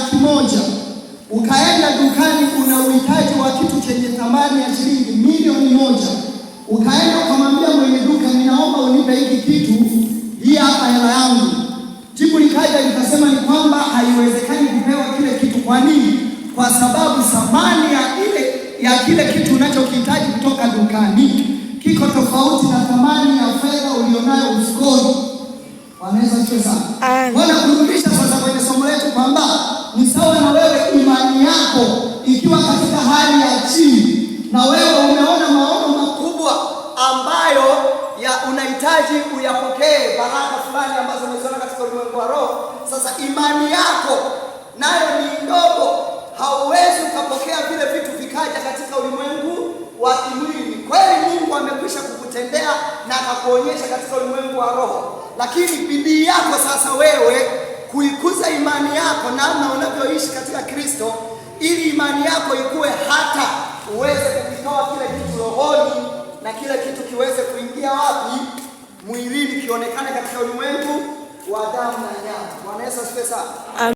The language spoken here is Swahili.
laki moja ukaenda dukani, una uhitaji wa kitu chenye thamani ya shilingi milioni moja ukaenda ukamwambia mwenye duka, ninaomba unipe hiki kitu, hii hapa hela yangu. Jibu likaja likasema ni kwamba haiwezekani kupewa kile kitu. Kwa nini? Kwa sababu thamani ya ile ya kile kitu unachokihitaji kutoka dukani kiko tofauti na thamani ya fedha ulionayo uskoni. Wanaweza kucheza. kurudi unahitaji uyapokee baraka fulani ambazo umeziona katika ulimwengu wa roho. Sasa imani yako nayo ni ndogo, hauwezi ukapokea vile vitu vikaja katika ulimwengu wa kimwili. Kweli Mungu amekwisha kukutendea na akakuonyesha katika ulimwengu wa roho, lakini bidii yako sasa wewe kuikuza imani yako, namna unavyoishi katika Kristo, ili imani yako ikuwe hata uweze kukitoa kile kitu rohoni na kile kitu kiweze kuingia wapi? mwilini kionekane katika ulimwengu wa damu na nyama. Bwana Yesu asifiwe sana.